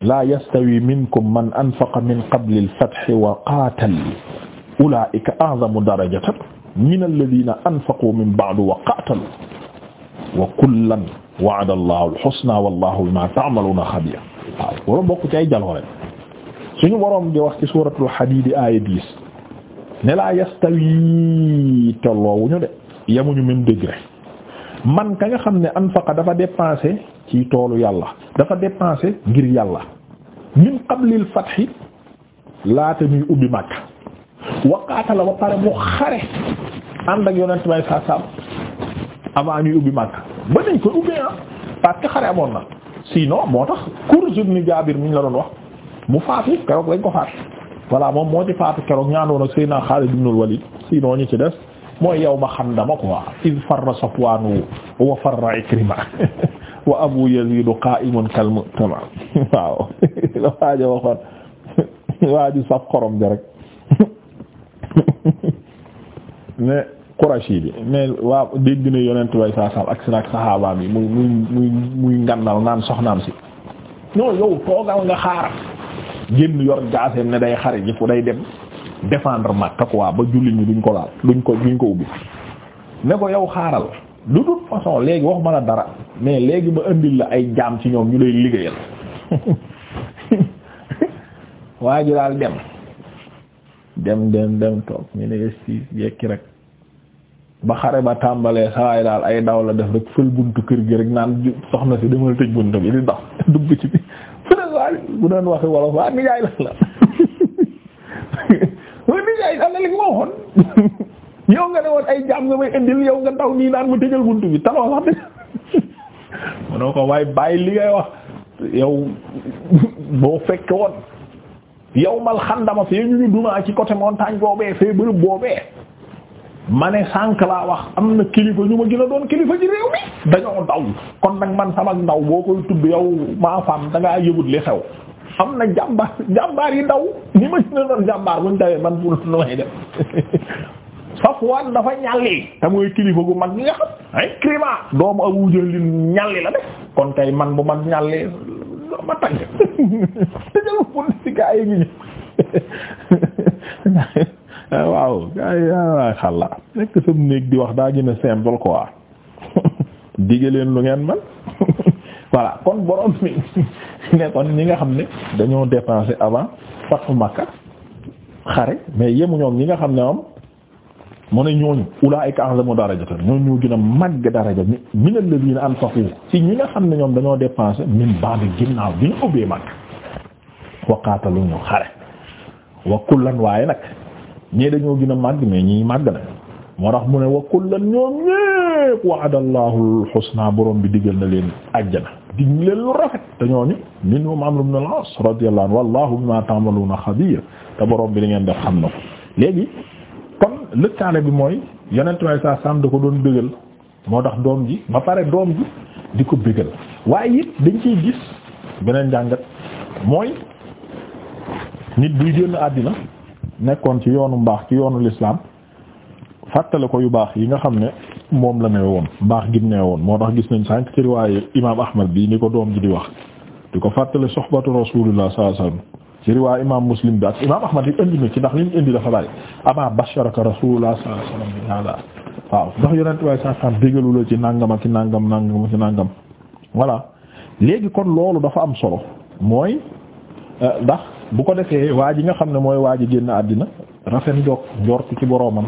laa yastawi minkum man anfaqa min qabli al-fathi wa qaatal ulaa'ika a'zamu darajatan mina alladhiina anfaqu min ba'du wa qaatalu wa kullan wa'ada Allahu al-husnaa wallaahu bimaa ta'maluuna xabiir waaw wala bokk ci ay jaloore suñu boroom di wax ci suuratul Hadiid aaya dix ne laa yastawi tolloowuñu de yemuñu même degré man ka nga xam ne anfaqa dafa dépensé. ci toolu yàlla dafa dépensé ngir yàlla min qablil fathi laata ñuy ubbi Makka waqaata la ba pare mu xare ànd ak yonent may saa avant ñuy ubbi Makka ba nañ ko ubbee ah parce que xare amoon na sinon moo tax Kurz ibn Jaabir mi ñu la doon wax mu faatu keroog lañ ko faat voilà moom moo ci faatu keroog ñaanoon ak Seydina Xaalid ibn Walid sinon ñu ci def mooy yow ma xam dama quoi iz farra Safwaanu wa farra Ikrima wa abu yazid qa'imun kalmu tama waaw la waaja waxoon waaju saf xorom ja rek mais Qurashi bi mais waa dégg na yonent way saa saam ak si nag saxaabaam yi muy muy muy muy naan soxnaam si non yow toogal nga xaaral génn yor jaaseem ne day xare ji fu day dem défendre Makka quoi ba julli ñi duñ ko laal duñ ko duñ ko ubbi ne ko yow xaaral de toute façon léegi waxuma la dara mais léegi ba indil la ay jaam ci ñoom ñu lay liggéeyal waa ji daal dem dem dem dem toog ñu ne estis jekki rek ba xare ba tàmbalee sawaay daal ay daw la def rek fël bunt kër gi rek naan soxna si demal tëj buntu bi di dox dugg ci bi fu ne waa bu doon waxi wolof waa nijaay la la waa nijaay la la li nga waxoon yow nga ne woon ay jaam nga may indil yow nga ndaw nii naan ma tëjal bunt bi taloo sax mu ko waaye bàyyi li ngay wax yow boo fekke woon yow mal xandama fee ñu ñu dumaa ci côté montagne boobee fee bërëb boobee ma ne sànq laa wax am na kilifa ñu ma gën a doon kilifa ji réew mi dañoo ndaw kon nag man sama ndaw boo koy tudd yow maa faam da ngaa li xew am na jàmbaar jàmbaar yi ndaw ñi ma gën a doon jàmbaar buñ dawee man bu nu may def Safwan dafa ñalli te muy kilifa gu mag ñi nga xam ay doomu Abu Jahl ñalli la def kon kay man bu man ñalli ma tagg te jëlu politika yi ngi ñu waaw ay ay ah, xalla nekk sa néeg di wax daa gën a simple quoi digg leen lu ngeen man voilà kon borom mi ne kon ñi nga xam ne dañoo dépenser avant fathu Makka xare mais yemu ñoom ñi nga xam ne moom mu ne ñooñu ulaa'ika a'zamu darajatan ñooñu ñoo gën a màgg daraja min alladhina anfaqu ci ñi nga xam ne ñoom dañoo dépensé min ba'di ginnaaw bi ñu ubbee mag wa qaatalu ñu xare wa kullan waaye nag ñii dañoo gën a màgg ma ñii màgg na moo tax mu ne wa kullan ñoom ñépp wa'adallahu al-husna borom bi digal na leen àjjana dig leen lu rafet te ñooñu minhum Amr ibn al-As radiyallahu anhu wallahu bima ta'maluna xabiir te borom bi li ngeen def xam na ko léegi lëkkaale bi mooy yonent way saa sam da ko doon bëggal moo tax doom ji ba pare doom ji di ko bëggal waaye it dañ ciy gis beneen jàngat mooy nit buy génn àddina nekkoon ci yoonu mbaax ci yoonu lislaam fàttale ko yu baax yi nga xam ne moom la ne woon mbaax gin ne woon moo tax gis nañ sànq ci riwaaye imaam Ahmad bii ni ko doom ji di wax di ko fàttale soxbatu rasulullah sallallahu alayhi wasallam ci riwaay imaam muslim bi ak imaam ahmad it indi na ci ndax li ñu indi dafa bari amaa basharaka rasulullah sallallahu alayhi wasallam bi hada waaw ndax yonent waaye saa saa bégalu la ci nangam ak ci nangam nangam ci nangam voilà léegi kon loolu dafa am solo mooy euh, ndax bu ko defee waa ji nga xam ne mooy waa ji génn àddina rafet njort njort ci boroomam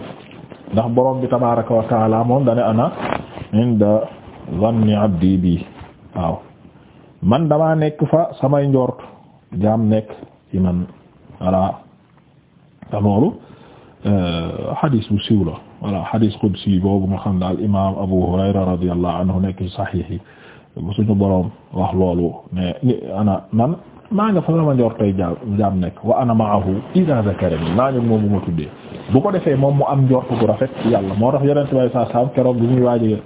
ndax boroom bi tabaaraka wa taala moom dane ana inda zanni abdi bi waaw man damaa nekk fa samay njort jaam nekk ci man voilà te loolu euh, xadis bu siiw la voilà xadis qudsi boobu nga xam ne al imaam Abu Hurayra radiyallahu anhu nekk saxiix yi suñu boroom wax loolu ne ana man maa nga fa sama njor tey jaam jaam nekk wa ana ma'ahu idha zakarani maa ngi moom bu ma bu ko defee moom mu am njort bu rafet ci yàlla moo tax yeneen bay sa sam keroog muy waaje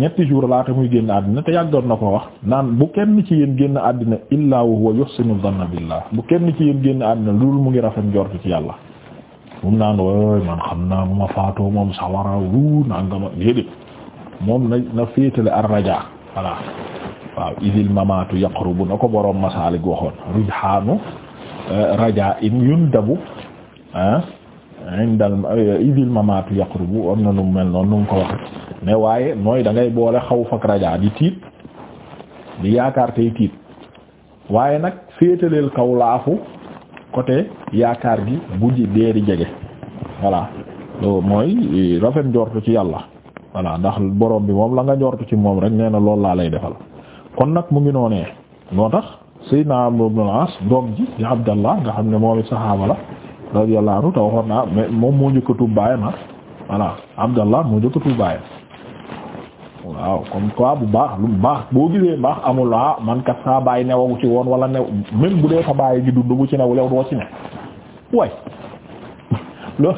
ñetti jours laata muy génn àddina te yàggoon na ko wax naan bu kenn ci yéen génn àddina illaa wa huwa yuhsinu dhanna billah bu kenn ci yéen génn àddina loolu mu ngi rafet njort ci yàlla mu naan wooy man xam naa bu ma faatoo moom sawara wu nangama déedéet moom na na féetale ar raja voilà waaw idil mamaatu yaqrubu na ko boroom masaalik waxoon rijhaanu eh, rajaa'in yundabu ah indal eh, idil mamaatu yaqrubu am na nu mel noon nu mu ko waxe ne waaye mooy dangay boole xaw fak rajaa di tiit di yaakaar tey tiit waaye nag féetaleel kaw laafu côté yaakaar gi bu ji di jege voilà loolu mooy eh, rafet njortu ci yàlla voilà ndax borom bi moom la nga njortu ci moom rek nee na loolu laa lay defal kon nag mu ngi noonee moo tax Seydina Amr ibn al-As doom ji di Abdallah nga xam ne moom saxaaba la radiyallahu anhu te waxoon naa mais moom moo njëkk a tuub baayam ah voilà Abdallah moo njëkk a baayam waaw comme quoi bu baax lu baax boo gisee baax amul ah man kat saa bàyyi newagu ci woon wala new même bu dee fa bàyyi gi dund bu ci new lew doo ci ne way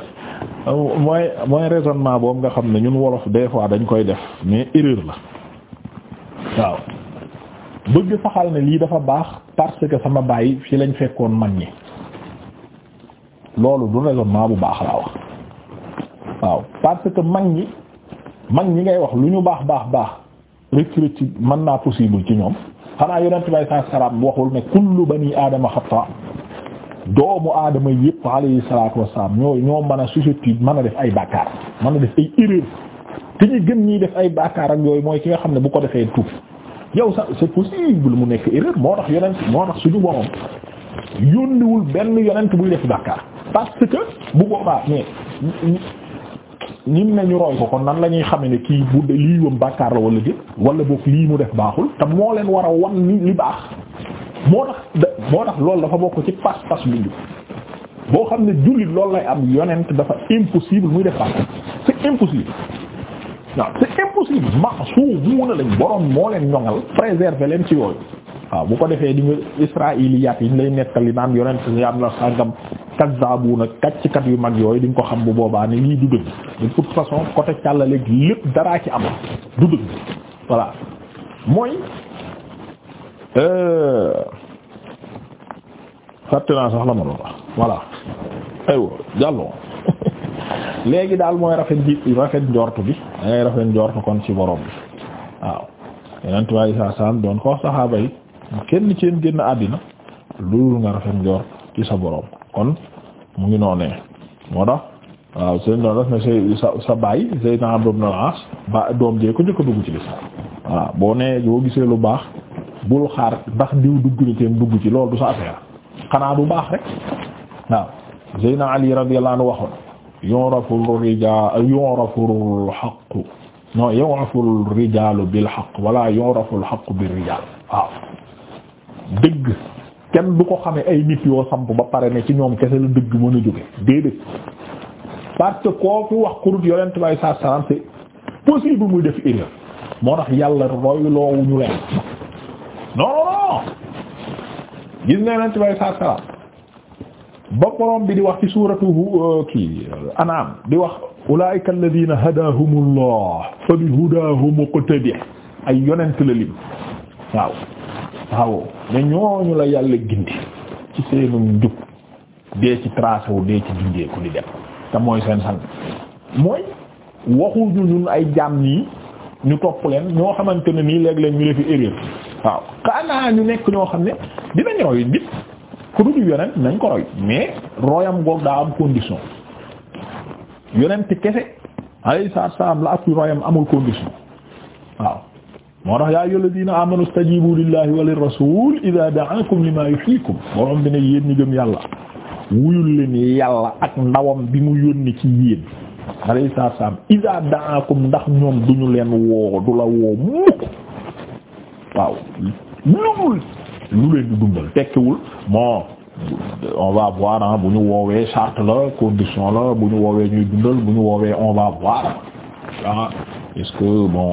loolu mooy mooy raisonnement boobu nga xam ne ñun wolof des fois dañ koy def mais erreur la waaw bëgg saxal ne lii dafa baax parce que sama baay fi lañ fekkoon mag ñi loolu du raisonnement bu baax laa wax waaw parce que mag ñi mag ñi ngay wax lu ñu baax baax baax rëcc rëcc mën naa possible ci ñoom xanaa yonent bay sa salaam waxul ne kullu bani aadama xata doomu aadama yëpp yu salaatu wassalaam ñoo ñoo mën a susceptible mën a def ay bàkkaar mën a def ay erreur te ñu gën ñiy def ay bàkkaar ak yooyu mooy ki nga xam ne bu ko defee tuub yow sax c'est possible mu nekk erreur moo tax yonent moo tax suñu borom yónniwul benn yonent buy def bàkkaar parce que bu boobaa mais ñim ne ñu roy ko kon nan la ñuy xame ne kii bu lii wam bàkkaar la wala jëp walla boog lii mu def baaxul te moo leen war a wan ni li baax moo tax da moo tax loolu dafa bokk ci pas-pas lu jub boo xam ne jullit loolu lay am yonent dafa impossible muy def bàkkaar c'est impossible waaw c'est impossible mahsuumuuna lañ borom moo leen ñoŋal préserver leen ci yooyu waaw bu ko defee di nga israiliyaat yi ñu lay nettali naan yonent yam la sàngam kazzaabuuna kàcckat yu mag yooyu di ko xam bu boobaa ne lii du dëgg de toute façon côté càllaleeg lépp daraa ci am du dëgg voilà mooy euh, fàtte naa sax la ma doon wax voilà jàlloo léegi daal mooy rafet bi rafet njortu bi da ngay rafet njortu kon ci boroom bi waaw yeneen tubaab yi doon ko saxaaba yi kenn ci génn àddina loolu nga rafet njort ci sa boroom kon mu ngi noonee moo tax waaw seen sa baay Zayd ibn al-As doom jee ko njëkk dugg ci lislaam voilà boo nee boo gisee lu baax bul xaar ndax diw dugg ni teem dugg ci loolu du sa affaire xanaa du baax rek waaw Zayd Ali radiyallahu waxoon yuraful rijaal yuraful xaqu non yuraful rijaalu bil xaq wala yuraful xaqu bir rijaal waaw dëgg kenn du ko xamee ay nit yoo samp ba pare ne ci ñoom kese la dëgg mën a jóge déedéet parce que koo fi wax kurut yonent bay saa salaam c'est possible muy def erreur moo tax yàlla royloowuñu leen non non non gis nga yonent bay saa salaam ba borom bi di wax ci suuratu euh, kii euh, anaam di wax ulaa'ika alladhiina hadaahumullah fa bihudaahum iqtadih ay yonent la lim waaw waaw ne ñooñu la yàlla gindi ci seenum njub dee ci tracé dee ci gindeeku di dem te mooy seen sang mooy waxuñu ñun ay jaam nii ñu topp leen ñoo xamante ne nii léeg-léeg ñu defi erreur waaw xanaa ñu nekk ñoo xam ne dina ñooy nit ku dul yonent nañ ko roy mais royam goog daa am condition yonent kese alayhi salaam la ak royam amul condition waaw moo tax yaa ayyuhal ladiina aamanu istajiibu lillaahi wa lirrasuuli idaa da'aakum limaa yuhyiikum borom bi ne yéen ñu gëm yàlla wuyul leen yàlla ak ndawam bi mu yónni ci yéen alayhi salaam idaa da'aakum ndax ñoom duñu leen woo du la woo mukk waaw lu lu leen di dundal tekkiwul bon on va voir ah bu ñu woowee charte la condition la bu ñu woowee ñu dundal bu ñu woowee on va voir ah est-ce bon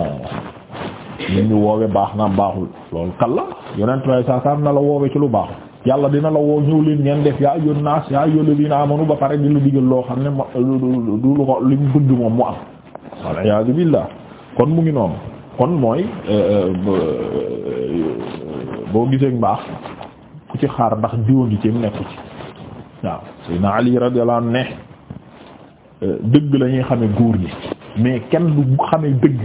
li ñu woowee baax na baaxul loolu kan la yonent way saasam na la woowee ci lu baaxul yàlla dina la woo ñëw leen ngeen def yaa yoon naas yaa yoon bi na amanu ba pare di la digal loo xam ne du lu ko li mu bëgg moom mu am walla iyaazu kon mu ngi noonu kon mooy euh, euh, boo gisee mbaax ci xaar ndax diwa ngi ci nekk ci waaw Seydina Ali radiyallahu anhu ne euh, dëgg la ñuy xame góor ñi mais kenn du xame dëgg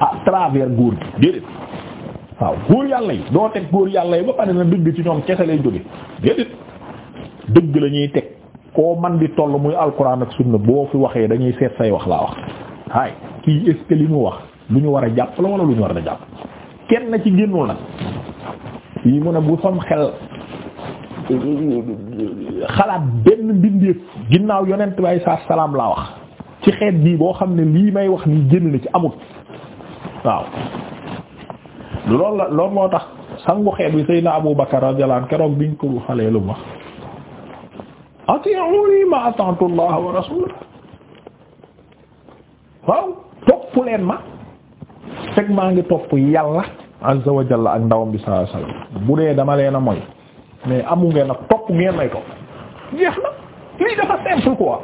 à travers góor gi déedéet waaw góor yàlla yi doo teg góor yàlla yi ba pare na dëgg ci ñoom kese lay jóge déedéet dëgg la ñuy teg koo man di toll muy alquran ak sunna boo fi waxee dañuy seet say wax laa wax haay kii est-ce que li mu wax lu ñu war a jàpp la wala lu ñu war a jàpp kenn na ci génnul nag fii mu ne bu sam xel xalaat benn mbindeef ginnaaw yonent bi ay saa salaam laa wax ci xeet bii boo xam ne lii may wax ni génn na ci amut waaw loolu la loolu moo tax sangu xeet bi Seydina Abu Bakar radiyallahu anhu keroog biñ ko xalee lu ma ati'uni ma ata'tu Allah wa topp leen ma teg maa ngi topp yàlla azza wa jalla ak ndawam bi sallallahu alayhi bu dee dama leen a mooy mais amu ngeen ak topp ngeen may topp jeex na lii dafa simple quoi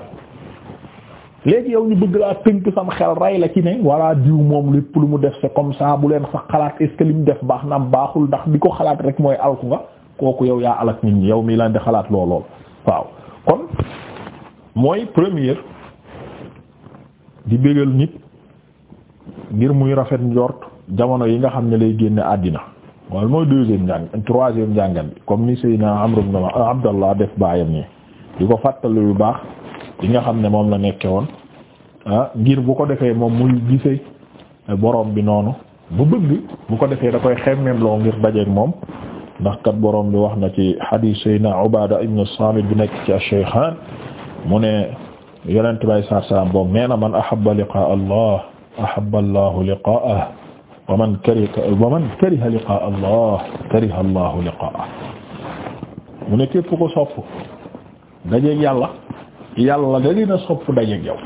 léegi yow ñu bëgg laa tënk sam xel rey la ci ne walla diw moom lépp lu mu def c'est comme saa bu leen sax xalaat est li mu def baax na baaxul ndax li ko xalaat rek mooy alku nga kooku yow yaa alak nit ñi yow mii laan di xalaat lool lool waaw kon mooy première di bégal nit ngir muy rafet njoort jamono yi nga xam ne lay génne àddina wala mooy deuxième njàng troisième njàngan bi comme ni Seydina Amr ibn Abdallah def baayam nii di ko fàttali bu baax yi nga xam ne moom la nekke woon ah ngir bu ko defee moom muy gisee borom bi noonu bu bëgg bu ko defee da koy xemmeem loo ngir dajeeg moom ndax kat borom bi wax na ci hadith Seydina Ubaada ibn Saamit bi nekk ci ash-Shaykhaan mu ne yonent bay sar sam boog nee na man ahabba liqaa Allah ahabba Allahu liqaa'ahu wa man kariha wa man kariha liqaa allah kariha allahu liqaa mu ne képp ko sopp dajeeg yàlla yàlla da dina sopp dajeeg yow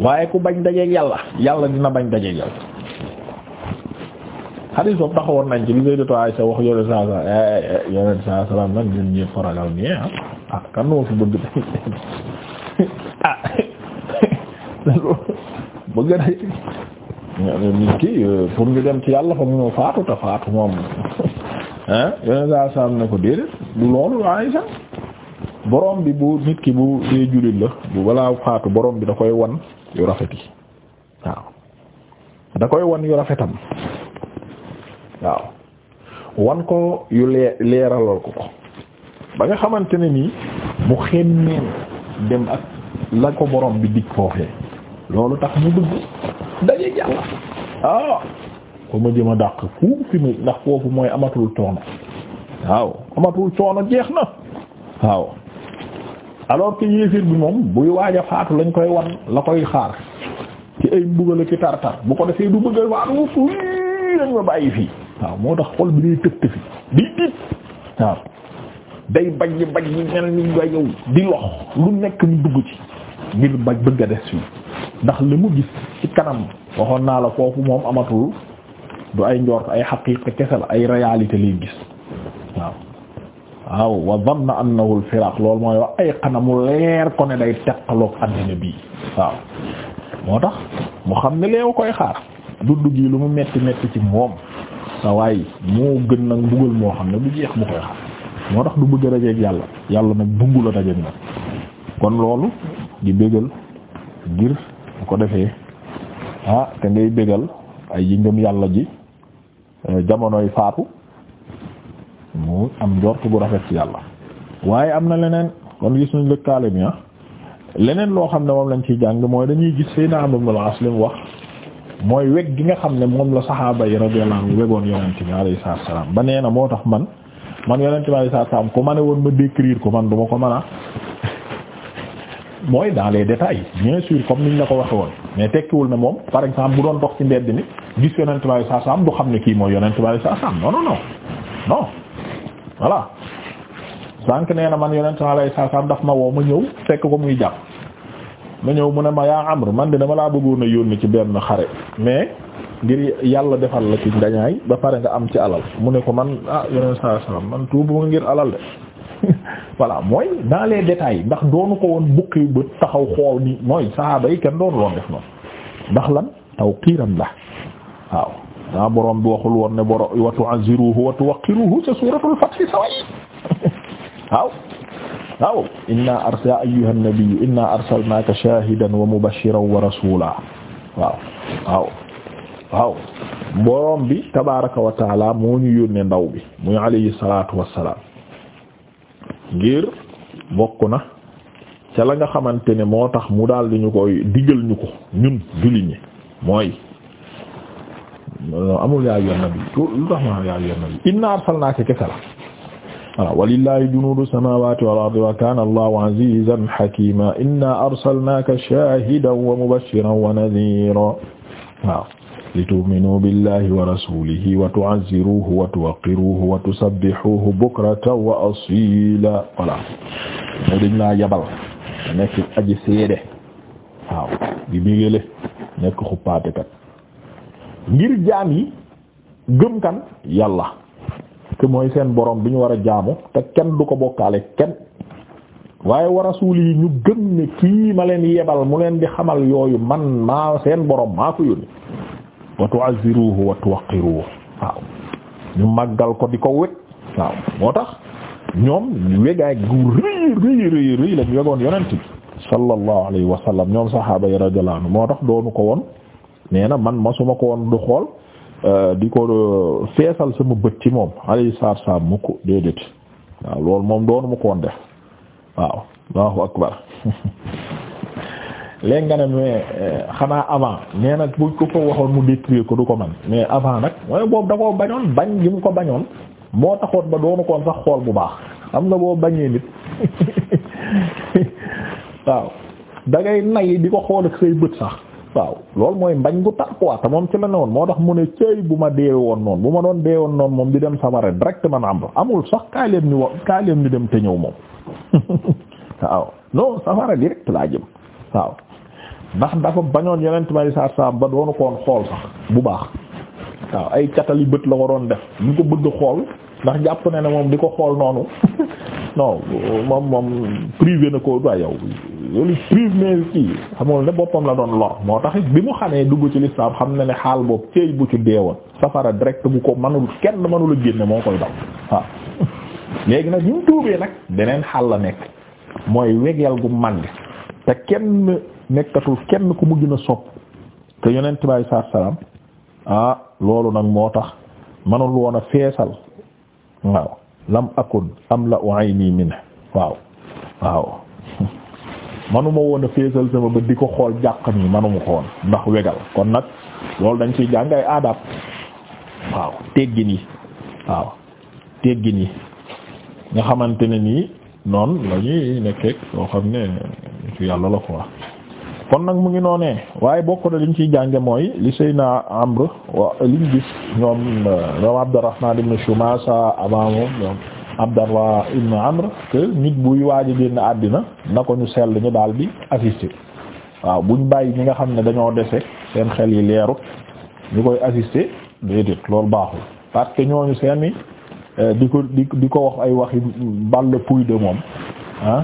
waaye ku bañ dajeeg yàlla yàlla dina bañ dajeeg yow xadis boobu taxawoon nañ ci li ngay doto ay wax yoneen saa eh, eh, eh, ah ah kan bëgg ah bëgg na nit ki euh, pour ñu dem ci yàlla fa mu faatu te faatu moom ah yeneen saa saam ne ko déedéet du loolu Aysa borom bi bu nit ki bu dee jullit la bu balaa faatu borom bi da koy wan yu rafet yi waaw koy wan yu rafetam waaw ko yu lee leeralal ko ko ba nga xamante ne nii bu xemmeen dem ak la ko borom bi dig foofee loolu tax mu bëgg. dañuy jàll waaw ah, ko ma jëm a dàq fu fi mu ndax foofu mooy amatul coono waaw amatul coono jeex na waaw alors ki yéefir bi moom buy waaj a faatu lañ koy wan la koy xaar ci ay mbugal ci tartar bu ko defee du bëgg a faatu fu lañ ma bàyyi fii waaw moo tax xol bi day tëft fi di diit waaw day bajj bajj mel ni nga yow di lox lu nekk mu dugg ci ngir baj bëgg a des fii ndax li mu gis ci kanam waxoon naa la foofu moom amatul du ay njort ay xaqiqa kese la ay réalité liy gis waaw waaw wa dhanna annahu al-firaq loolu mooy wax ay xanamu leer ko ne day teqaloog àddina bii waaw moo tax mu xam ne leew koy xaar dund gi lu mu metti metti ci moom sa waay moo gën nag mbugal moo xam ne lu jeex mu koy xaar moo tax du bëgg a dajeeg yàlla yàlla nag dungu la dajeeg nag kon loolu di bégal ngir bu ko defee ah te ngay bégal ay yi yàlla ji eh, jamonoy faatu mu am njort bu rafet ci yàlla waaye am na leneen kon gis nañ lëkkaale bi ah leneen loo xam ne moom lañ ciy jàng mooy dañuy gis sëy na Amr ibn al-As li mu wax mooy weg gi nga xam ne moom la saxaaba yi radiyallahu anhu wegoon yonente bi alayhi salaatu salaam ba nee na moo tax man man yonente bi alayhi salaatu salaam ku ma ne woon ma décrire ko man du ko mën mooy dans les détails bien sûr comme niñ la ko waxe woon mais tekkiwul na moom par exemple bu doon dox ci mbedd ni gis yonent baay saa saam du xam ne kii mooy yonent baay saa saam non non non non voilà sànq nee na man yonent baay saa saam daf ma woo ma ñëw fekk ko muy jàpp ma ñëw mu ne ma yaa Amr man de dama laa bëggoon a yónni ci benn xare mais ngir yàlla defal la ci ndañaay ba pare nga am ci alal mu ne ko man ah yonent saa saam man tuubu ngir alal voilà mooy dans les détails ndax doonu ko woon bukki ba taxaw xool ni mooy saxaaba kenn doonu woon def noonu ndax lan tawqiiran la waaw daa borom bi waxul woon ne boro wa tu'azziruhu wa tuwaqqiruhu sa suuratul fath saway waaw waaw inna arsa ayyuhan nabiyyu inna arsalnaaka shaahidan wa mubashiran wa rasuula waaw waaw bi tabaaraka wa taala moo ñu yónnee ndaw bi muy alayhi salaatu wa salaam ngir bokk na ca la nga xamante ne moo tax mu daal di ñu koy digal ñu ko ñun jullit ñi mooy amul yaa ayyuhan nabi lu tax ma yaa inna arsalnaaka kese la voilà walillahi junuudu samaawaati wal ardi wa inna arsalnaaka shaahidan wa mubashiran wa nadhiran li tu'minu billahi wa rasulihi wa tu'azziruhu wa tuwaqqiruhu wa tusabbihuhu wa asila voilà moo dañ laa yabal te nekk aji seede waaw di bégale nekk xuppaatekat ngir jaam yi gëm kan yàlla te mooy seen borom bi ñu war a jaamu te kenn du ko bokkaale kenn waaye wa rasuuli ñu gëm ne kii ma leen yebal mu leen di xamal yooyu man maa seen borom maa ko yónni wa tu'azziruhu wa tuwaqqiruhu waaw ñu màggal ko di ko weg waaw moo tax ñoom wegaay gu rëy rëy rëy rëy lañ wegoon yonent bi sallallahu alayhi wa ñoom saxaaba yi moo tax doonu ko woon nee man masuma ko woon du xool euh, di ko euh, feesal sama bët ci moom alayhi salaatu wa salaam mukk déedéet waaw loolu moom doonu ma ko woon def waaw allahu akbar léegi nga ne mais euh, xanaa avant nee na ko ko waxoon mu détruire ko du ko man mais avant nag mooy boobu da koo bañoon bañ gi mu ko bañoon moo taxoon ba doonu koon sax xool bu baax am na boo bañee nit waaw da ngay nay di ko xool ak say bët sax waaw loolu mooy mbañ gu tar quoi moom ci la ne woon moo tax mu ne cëy bu ma dee woon noonu bu ma doon dee woon noonu moom di dem sawara directement am amul sax kaay leen ñu wax dem te ñëw moom waaw non laa waaw ndax dafa bañoon yeneen may saar saam ba doonu koon xool sax bu baax waaw ay catali bët la ko doon def ñu ko bëgg xool ndax jàpp na ne moom di ko xool noonu non moom moom privé na ko doy yow loolu privé kii xamul ne boppam la doon lor moo tax bi mu xamee dugg ci lislaam xam na ne xaal boobu ceey bu ci deewoon safara direct bu ko manul kenn manula génne moo koy daw waaw léegi nag ñu tuubee nag beneen xal la nekk mooy wegeel gu màng te kenn nekkatul kenn ku mu gën a sopp te yonent bi saa salaam ah loolu nag moo tax manul woon a feesal waaw lam akun am la ayni minhu waaw waaw manuma woon a feesal sama bët di ko xool jàq mi manuma ko woon ndax wegal kon nag loolu dañ ciy jàng ay adab waaw teggin yi waaw teggin yi nga xamante ne nii noonu nekkeek loo xam ne ci yàlla la ko wax kon nag mu ngi noonee waaye bokk na liñ ciy jànge mooy li Seyna Amr wa liñ gis ñoom ñoom Abdurrahman ibn Shumasa avant moom ñoom Abdallah ibn Amr que nit buy waaj a génn àddina na ko ñu sell ñu daal bi assister waaw buñ bàyyi ñi nga xam ne dañoo dese seen xel yi leeru ñu koy assister déedéet baaxul parce que ñooñu seeni eh, di ko di di ko wax ay waxi balle puy de moom ah,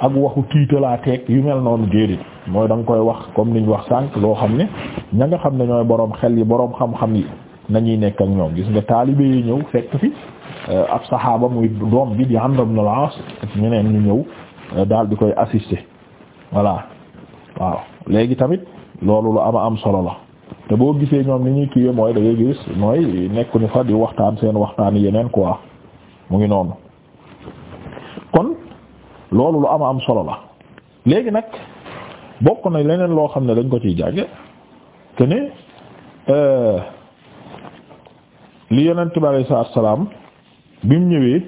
ak waxu tiitalaa teeg yu mel noonu déedéet mooy da koy wax comme niñ wax sànq loo xam ne ña nga xam ne ñooy boroom xel yi boroom xam-xam yi nañuy nekk ak ñoom gis nga taalibe yi ñëw fekk fi euh, ab saxaaba muy doom bi di Amr ibn al-As ak ñeneen ñu ñëw euh, daal di koy assister voilà waaw léegi tamit loolu lu am solo la te boo gisee ñoom ni ñuy kiiwee mooy da ngay gis nekku nekkuñu fa di waxtaan seen waxtaan yeneen quoi mu ngi noonu kon loolu lu am am solo la léegi nag. bokk na leneen loo xam ne dañ ko ciy jànge te ne euh, li yonent bi alayhi salaatu salaam bi mu ñëwee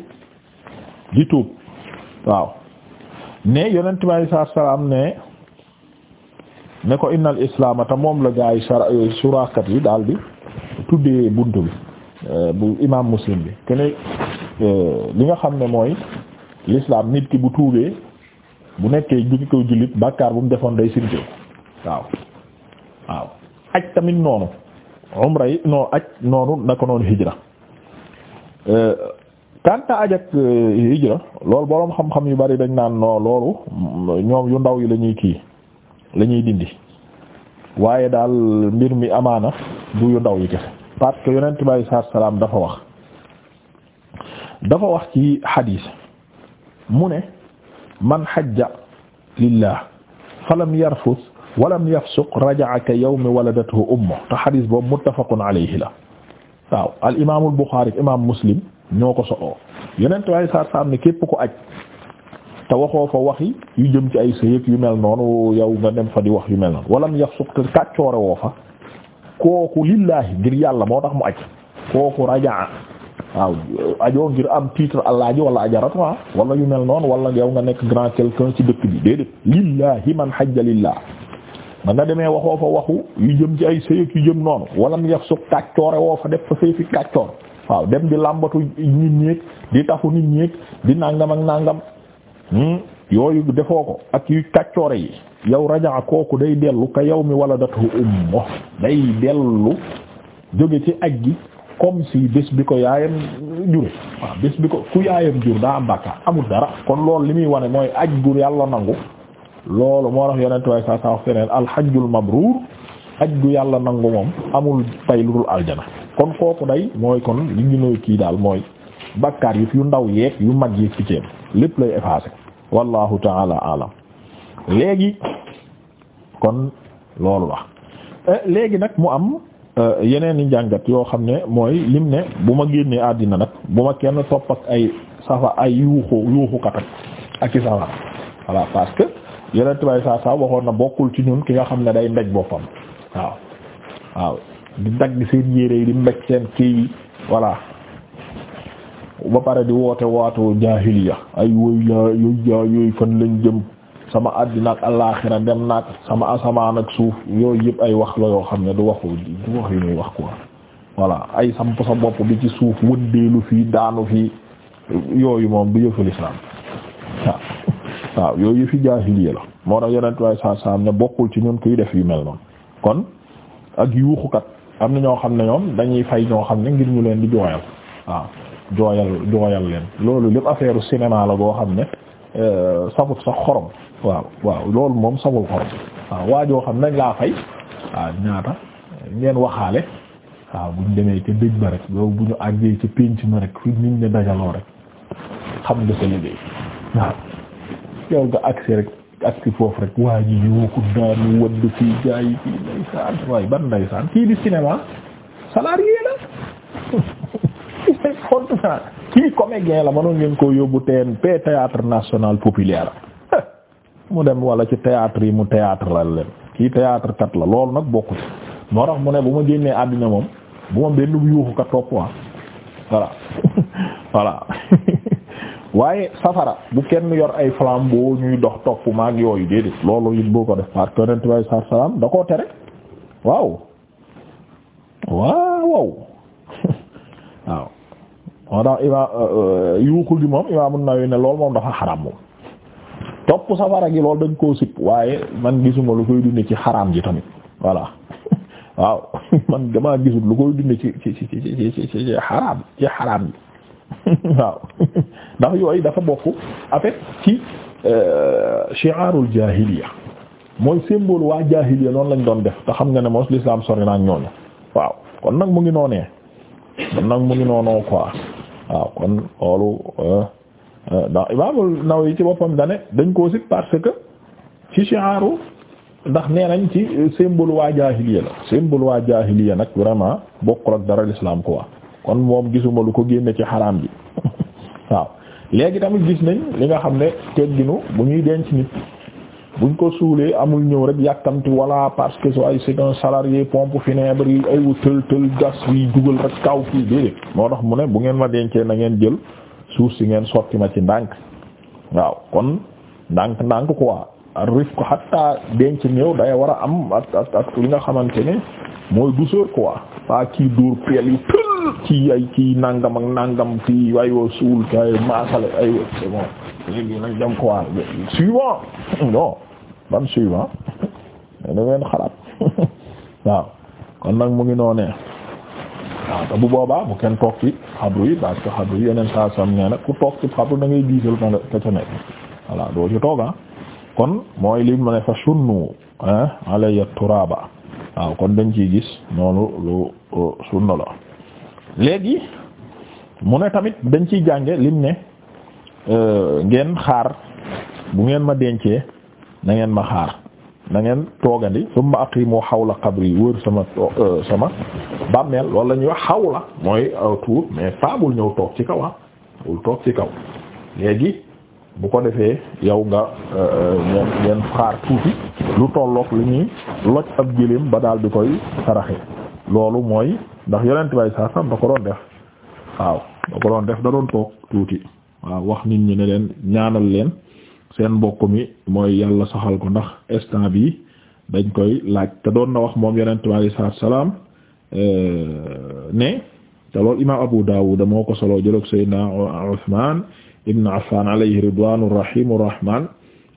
di tuub waaw ne yonent bi alayhi salaatu salaam ne ne ko innal islaamata moom la gaa yi suraakat yi daal di tuddee bunt bi euh, bu imaam muslim bi te euh, li nga xam ne mooy l'islam nit ki bu tuubee bu nekkee ju koy jullit bàkkaar bu mu defoon day sirgéew waaw waaw aj tamit noonu umra yi noonu naka noonu hijra euh, kanta aj ak euh, hijra loolu boroom xam-xam yu bari dañ naan loolu ñoom yu ndaw yi lañuy kii lañuy dindi waaye daal mbir mi amaana du yu ndaw yi kese parce que yonent bi saa salaam dafa wax dafa wax ci xadiis mu ne man hajja lillah falam yarfus walam yafsuq raja'a ka yawmi waladathu ummuhu te xadis boobu muttafaqun alayhi la waaw al imaamul Buxaari imaam Muslim ñoo ko soxla yeneen tuwaay saa saa ne képp ko aj te waxoo fa waxi yu jëm ci ay sëyeeg yu mel noonu yow nga dem fa di wax yu mel noonu walam yafsuq te kàccoore woo fa kooku lillaahi ngir yàlla moo tax mu aj kooku raja'a waaw ajoo ngir am titre alaaji wala ajarat walla wala yu mel noonu wala yow nga nekk grand quelqu'un ci dëkk bi déedéet lillahi man xaj hajja lillah ba nga demee waxoo fa waxu yu jëm ci ay sëyëg yu jëm noonu wala mu yaf su kàccoore woo fa def fa sëy fi kàccoor waaw dem di làmbatu nit ñéeg di taxu nit ñéeg di nàngam ak nàngam hmm? yooyu defoo ko ak yu kàccoore yi yow rajaa kooku day dellu ka yow mi wala datu ummo day dellu jóge ci ak gi comme si bés bi ko yaayam jure waaw bés bi ko ku yaayam jur daa am bàkkaar amul dara kon lool li muy wane mooy aj gur yàlla nangu loolu moo tax yonent waaye saa saa feneen alxajjul mabruur aj gu yàlla nangu moom amul tay lu dul aljana kon kooku day mooy kon li ñu kii daal mooy bakkaar yi yu ndaw yeeg yu mag yi fi ceeb lépp lay effacé wallahu taala alam léegi kon loolu la eh, léegi nag mu am Euh, yeneen i njàngat yoo xam ne mooy lim ne bu ma génnee àddina nag bu ma kenn topp ak ay safa ay yuuxu yuuxukat ak ak i safa parce que yeneen tubaab saa waxoon na bokkul ci ñun ki nga xam ne day mbéj boppam waaw waaw di dagg seen yére yi di mbéj seen kii yi ba pare di woote waatu jaahiliya ay yooyu yooyu fan lañ jëm. sama àddina ak alaaxira dem naag sama asamaan ak suuf yooyu yëpp ay wax la yoo xam ne du waxu du wax yu ñuy wax quoi voilà ay samp sa bopp bi ci suuf wëndeelu fii daanu fii yooyu moom du yëfu lislaam waaw waaw fi yëfi jaahiliya la moo tax yeneen tubaab saa ne bokkul ci ñun kuy def yu mel noonu kon ak yuuxukat am na ñoo xam ne ñoom dañuy fay ñoo xam ne ngir ñu leen di jooyal waaw jooyal jooyal leen loolu lépp affaire cinéma la boo xam ne euh, safut sax xorom. waaw waaw loolu moom sabul xorom waaw waajoo xam nañ laa fay waaw ñaata ngeen waxaale waaw buñ demee ca dëj ba rek loolu bu ñu àggee ca pénc ma rek fi nit ñi dajaloo rek xam nga sa liggéey yow nga agsi rek agsi foofu rek waa ji yuuxu daanu wadd fii gaa yi fii ndeysaan waaye ban ndeysaan kii di cinéma salarié la kii comédien la mënoon ngeen koo yóbbu TNP théâtre national populaire mu dem wala ci théâtre yi mu théâtre la leen kii théâtre kat la loolu nag bokku moo tax mu ne bu ma génnee àddina moom bu ma benn bu yuuxu ka topp waa waaye safara bu kenn yor ay flambeau ñuy dox topp maag yooyu déedéet da koo tere waaw waaw moo tax imaam euh, euh, yuuxu gi moom Imaam An-Nawawi ne loolu moom dafa xaram moom topp safara gi loolu dañ koo sip waaye man gisuma lu koy dunde ci xaraam ji tamit voilà waaw man damaa gisul lu koy dunde ci ci ci ci ji waaw ndax yooyu dafa bokk en fait ci euh, shi'arul jahiliya mooy symbole waa jahiliya noonu lañ doon def te xam nga ne mos l'islam sori naa ñooñu waaw kon nag mu ngi noonee kon nag mu ngi noonoo kon loolu euh, Euh, ndax Imaamul yi ci boppam dane dañ koo sit parce que ci shi'aaru ndax nee nañ ci symbole waa jaahiliya la symbole waa jaahiliya nag vraiment bokkul ak dara l'islam quoi kon moom gisuma lu ko génne ci xaraam bi waaw léegi tamit gis nañ li nga xam ne tegginu bu ñuy denc nit buñ ko suulee amul ñëw rek yàkkamti wala parce que so ay c'est un salarié pompe funèbre yi ay wu tël tël gas yi dugal rek kaw kii déedéet moo tax mu ne bu ngeen ma dencee na ngeen jël suuf si ngeen sotti ma ci ndànk waaw kon ndànk ndànk quoi rifq hatta denc néew day war a am ak li nga xamante ne mooy douceur quoi pas kii dóor peel yi tël ci ay kii nangam ak nangam kii wayoo suul ki ay maasale ay c'est bon léegi nag dem quoi suivant ngeen xalaat waaw kon nag mu ngi noonee waaw ah, te bu boobaa bu kenn toog ci xabru yi parce xabru yi yeneen saa sam nee na ku toog ci xabru da ngay diisal ka ka ca nekk voilà doo ci tooga ah. kon mooy li ma ne fa sunnu ah, alayya turaba waaw kon dañ ciy gis noonu lu sunna la léegi mu ne tamit dañ ciy jànge lim ne euh, ngeen xaar bu ngeen ma dencee na ngeen ma xaar na ngeen toogandi summa aqimu xawla qabri wër sama toog euh, sama bàmmeel loolu la ñuy wax xawla mooy autour euh, mais pas ñëw toog ci kaw ah toog ci kaw léegi bu ko defee yow nga euh, ngeen ngeen xaar tuuti lu tollook lu ñuy loj ab gilim ba daal di koy saraxe loolu mooy ndax yonent bay saa sam da ko doon def waaw da ko doon def da doon toog tuuti waaw wax nit ñi ne leen ñaanal leen seen mbokk mi mooy yàlla saxal ko ndax instant bi dañ koy laaj te doon wax moom yonent bi alayhi salaatu salaam euh, ne te imaam Abu Daawud moo ko solo jëlog Seydina Usmaan ibn Affaan alayhi ridwaanu rahiimu rahmaan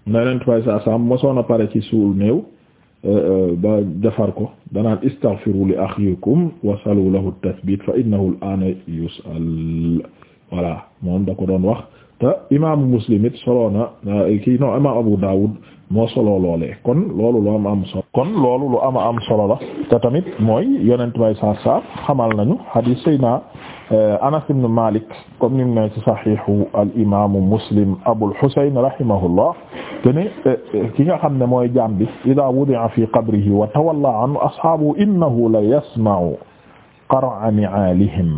na yonent bi alayhi salaatu salaam pare ci suul néew euh, euh, ba jafar ko danaan istaghfiru li akhiikum wasalu lahu at-tathbiit fa innahu al-aana yus'al ko doon wax imaamu muslim it solo na eh, kii non imaam Abu Dawud moo solo loolee kon loolu la am am solo kon loolu lu am am solo la te mooy yonent bay saar saar xamal nañu hadith sayna eh, Anas ibn Malik comme ni mu ne ci saxiixu al imaamu muslim Abul Husayn rahimahullah kene eh, ki nga xam ne mooy jambi bi idaa wudi'a fi qabrihi wa tawalla anhu ashaabu innahu la yasma'u qar'a ni'aalihim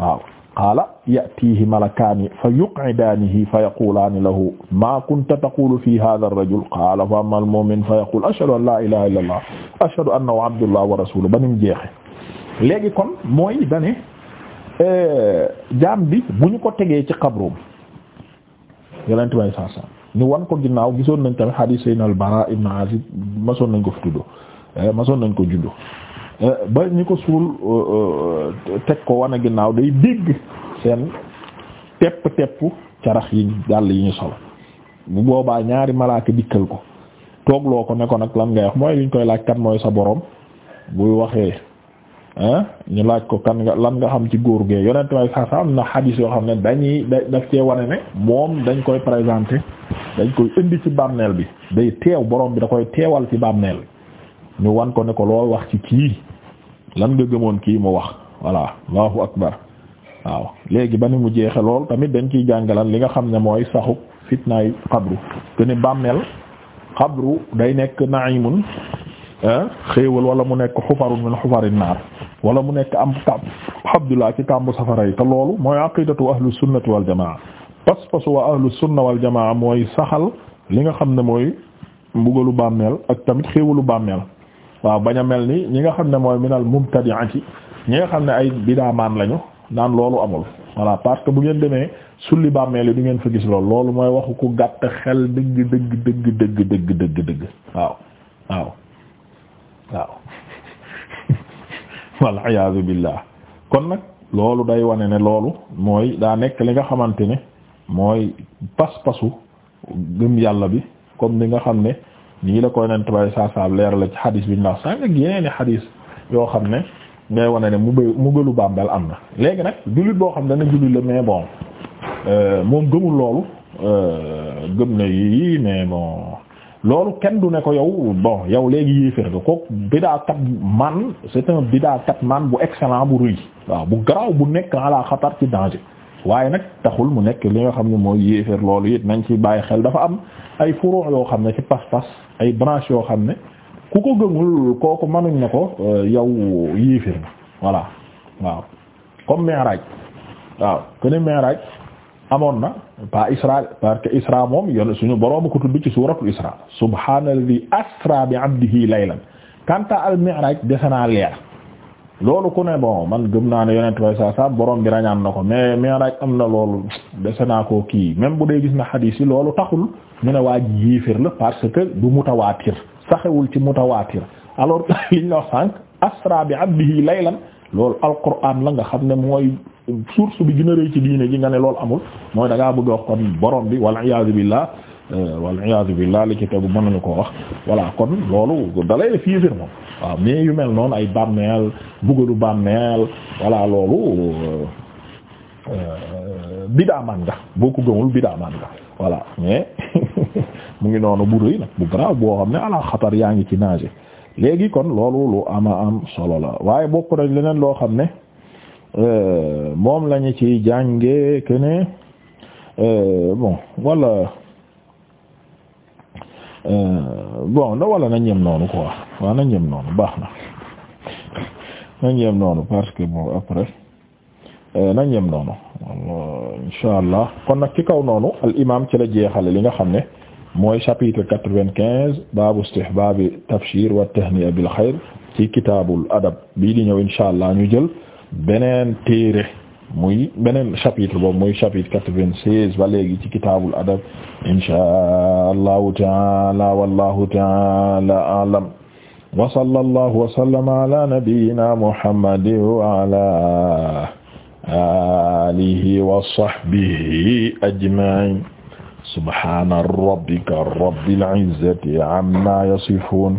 waaw qaala ya'tiihi malakaani fa yuq'idaanihi fa yaquulaani lahu maa kunta taquulu fii haadha ar-rajul qaala fa ammaa al-mu'min fa yaquulu ashhadu an laa ilaaha illallaah ashhadu annahu abdullaahi wa rasuuluhu ba nim jeexe léegi kon mooy dane eh, jaam bi bu ñu ko tegee ci xabroom yonent may saa saa ñu wan ko ginnaaw gisoon nañ tamit hadiis Sayyidinaa al-Baraa ibn Aazib masoon nañ ko fi tudd eh, masoon nañ ko judd Euh, ba ñu ko suul euh, euh, teg ko wan a ginnaaw day dégg seen tepp tepp carax yi dàll yi ñu solo bu boobaa ñaari malaaka dikkal ko loo ko nekkoon ko nag lan ngay wax mooy liñ koy laaj kat mooy sa boroom buy waxee ñu laaj ko kan nga lan nga xam ci góor gee yonent way saa sa am na xadiis yoo xam ne dañuy daf cee wane ne moom dañ koy présenté dañ koy indi ci barneel bi day teew boroom bi da koy teewal ci bàmmeel ñu wan ko ne ko wax ci kii lan nga gëmoon kii mu wax voilà allahu akbar waaw léegi ba ni mu jeexe lool tamit dañ ciy jàngalan li nga xam ne mooy saxu fitnaay xabru te ni bàmmeel xabru day nekk naimun xéewal wala mu nekk xufarun min xufarin naar wala mu nekk am kàmb abdullah ci kàmbu safara yi te loolu mooy aqidatu ahlu sunnati wal jamaa pas-pasu waa ahlu sunna wal jamaa mooy saxal li nga xam ne mooy mbugalu bàmmeel ak tamit xéewalu bàmmeel waaw bañ a mel ni ñi nga xam ne mooy minal mubtadi'ati ñi nga xam ne ay bidaa maan lañu naan loolu amul voilà parce que bu ngeen demee sulli bàmmeel yi du ngeen fa gis loolu loolu mooy waxu ku gàtt xel dëgg dëgg dëgg dëgg dëgg dëgg dëgg waaw waaw waaw iyaazu billah kon nag loolu day wane ne loolu mooy daa nekk li nga xamante ne mooy pas-pasu gëm yàlla bi comme li nga xam ne lii la koy nent bay saasaab leer la ci xadis bi ñu la sànq ak yeneen i xadis yoo xam ne ngay wane ne mu ba mu gëlu bàmbal am na léegi nag jullit boo xam dana jullit la mais bon euh, moom gëmul loolu euh, gëm na yii mais bon loolu kenn du ne ko yow bon yow léegi yéefér nga kooku bidaa kat man c'est un bidaa kat man bu excellent bu rëy waaw bu garaaw bu nekk ala xatar ci danger waaye nag taxul mu nekk li nga xam ne mooy yéeféer loolu it nañ ci bàyyi xel dafa am ay furu yoo xam ne ci pas-pas ay branche yoo xam ne ku ko gëmul kooku mënuñ ne ko euh, yow yéeféer na voilà waaw comme mi'raj waaw kene mi'raj amoon na pas isra parce que isra moom yon suñu borooma ko tudd ci suratul isra subhaanalladhi asra bi abdihi laylan kanta al mi'raj desanaa leer loolu ku ne bon man gëm naa ne yonent way saa sa borom bi rañaan na ko mais mais raj am na loolu dese naa koo kii même bu dee gis na xadiis yi loolu taxul ñu ne waa ji yéefér la parce que du mutawaatir saxewul ci mutawaatir alors que liñ la sànq asra bi abdihi laylan loolu alquran la nga xam ne mooy source bi gën a ci diine ji nga ne loolu amul mooy da ngaa kon borom bi wal iyaazu billah Euh, waliyasu billah li ci tegu mën nañu ko wax voilà kon loolu dalay def yéefér moom waaw mais yu mel noonu ay bàmmeel buggalu bàmmeel voilà loolu euh, euh, bidaa man nga boo ko gëmul bidaa man nga voilà mais mu ngi noonu bu nag bu garaaw boo xam ne ala xatar yaa ngi ci naage léegi kon loolu lu ama am solo la waaye bokk nañ leneen loo xam ne moom lañu ci jànge que bon wala Euh, bon na wala nañ yem noonu quoi waaw nañ yem noonu baax na nañ yem noonu parce que bon après euh, na yem noonu euh, insha allah kon nag ci kaw noonu al imam ci la jeexale li nga xam ne mooy chapitre quatre-vingt-quinze baabu istihbaabi tabshir wa tahniya bil xayr ci kitaabul adab bii di ñëw insha allah ñu jël beneen téere muy beneen chapitre boobu muy chapitre quatre-vingt-seize ba léegi ci kitaabul adab inshaa allahu taala wallahu taala alam wa sallallahu wa sallama ala nabiyyina muhammadin wa ala alihi wa sahbihi ajma'in subhana rabbika rabbil izzati amma yasifun